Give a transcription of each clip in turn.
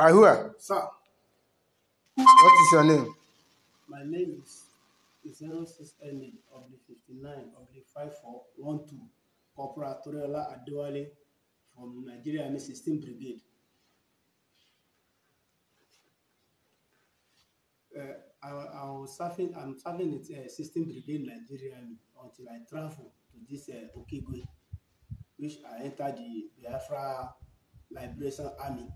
Ahua. Sir. What is your name? My name is Zero 06NA e, of the Fifty Nine of the Five Four 5412 Corporal Toriola Adewale from Nigeria Army 16 Brigade. Uh, I, I was serving, I'm serving at uh, 16 Brigade Nigeria Army until I travel to this uh, Okigwe, which I entered the Biafra Liberation Army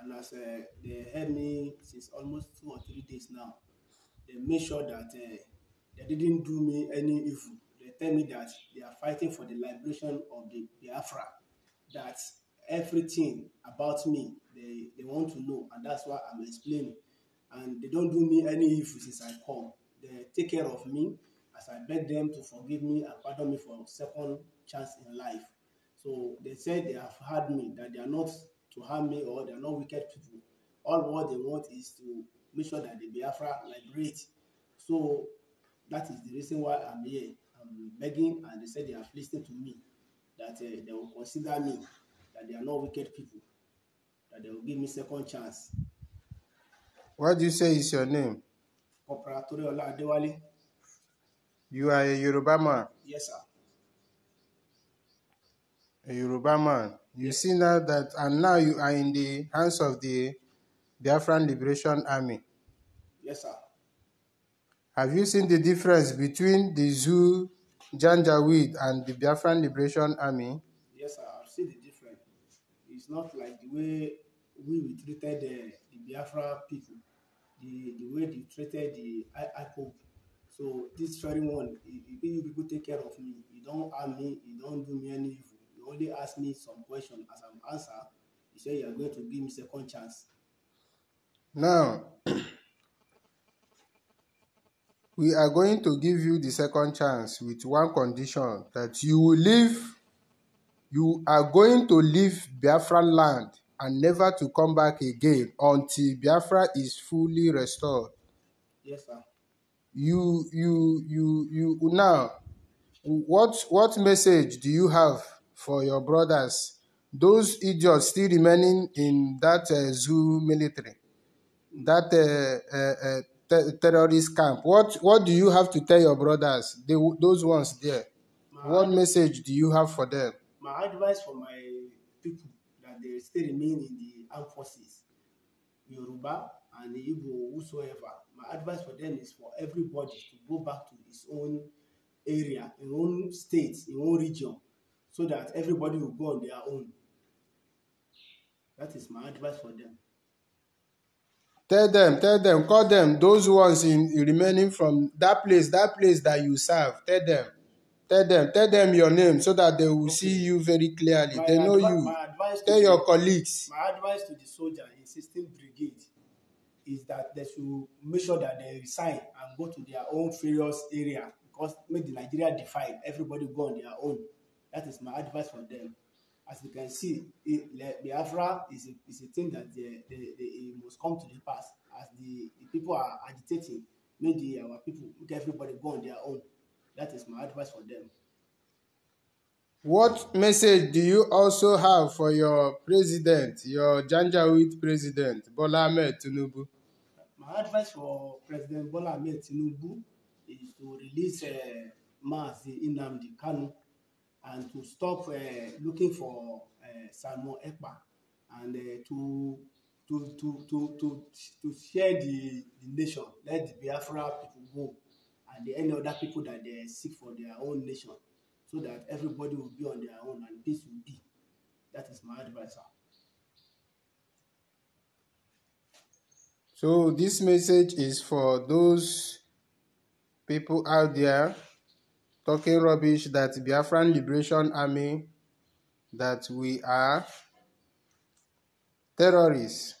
and as uh, they helped me since almost two or three days now they make sure that uh, they didn't do me any evil they tell me that they are fighting for the liberation of the biafra that everything about me they they want to know and that's why i'm explaining and they don't do me any evil since i come they take care of me as i beg them to forgive me and pardon me for a second chance in life so they said they have had me that they are not to harm me or they're not wicked people. All what they want is to make sure that the Biafra liberate. So that is the reason why I'm here. I'm begging, and they said they have listened to me, that uh, they will consider me, that they are not wicked people, that they will give me second chance. What do you say is your name? Corporal Toreola Adewale. You are a Yoruba man? Yes, sir. A Yoruba man? You see now that, and now you are in the hands of the Biafran Liberation Army. Yes, sir. Have you seen the difference between the Zoo Janjaweed and the Biafran Liberation Army? Yes, sir. I've seen the difference. It's not like the way we treated uh, the, the Biafra people, the, the way they treated the IPOB. So this very one, you people take care of me. You don't harm me. You don't do me any evil. only asked me some question as I'm answer. You say you are going to give me second chance. Now, we are going to give you the second chance with one condition that you will leave. You are going to leave Biafra land and never to come back again until Biafra is fully restored. Yes, sir. You, you, you, you. Now, what what message do you have for your brothers, those idiots still remaining in that uh, zoo military, that uh, uh, uh te- terrorist camp. What what do you have to tell your brothers, they, those ones there? My what ad- message do you have for them? My advice for my people that they still remain in the armed forces, Yoruba and the Igbo, whosoever. My advice for them is for everybody to go back to his own area, his own state, his own region so that everybody will go on their own. That is my advice for them. Tell them, tell them, call them, those ones in remaining from that place, that place that you serve, tell them. Tell them, tell them your name so that they will okay. see you very clearly. My they know you. Tell your the, colleagues. My advice to the soldier in 16 Brigade is that they should make sure that they resign and go to their own various area because make the Nigeria divide. Everybody go on their own. That is my advice for them. As you can see, it, like, Biafra is a, is a thing that they, they, they must come to the pass as the, the people are agitating. maybe our people, make everybody go on their own. That is my advice for them. What message do you also have for your president, your Janjaweed president, Bola Ahmed Tinubu? My advice for President Bola Ahmed Tinubu is to release uh, Mazi Nnamdi Kanu and to stop uh, looking for uh, Simon Ekpa and uh, to to to to to to share the, the nation let the biafra people go and the any other people that they seek for their own nation so that everybody will be on their own and peace will be that is my advice so this message is for those people out there talking rubbish that Biafran Liberation Army, that we are terrorists.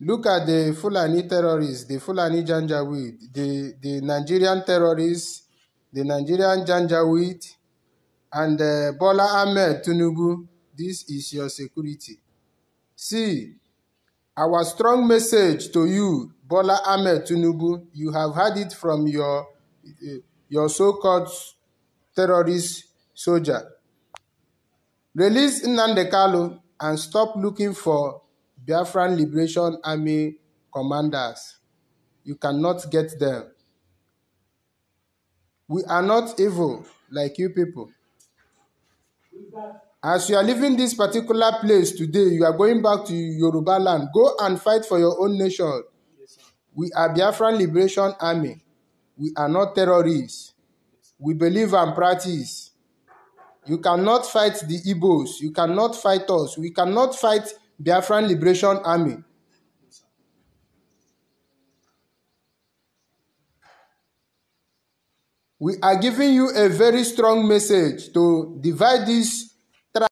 Look at the Fulani terrorists, the Fulani Janjaweed, the, the Nigerian terrorists, the Nigerian Janjaweed, and uh, Bola Ahmed Tunubu. This is your security. See, our strong message to you, Bola Ahmed Tunubu, you have had it from your, uh, your so-called terrorist soldier. Release Nnamdi Kalu and stop looking for Biafran Liberation Army commanders. You cannot get them. We are not evil like you people. As you are leaving this particular place today, you are going back to Yoruba land. Go and fight for your own nation. We are Biafran Liberation Army. We are not terrorists. We believe and practice. You cannot fight the Igbos. You cannot fight us. We cannot fight Biafran Liberation Army. We are giving you a very strong message to divide this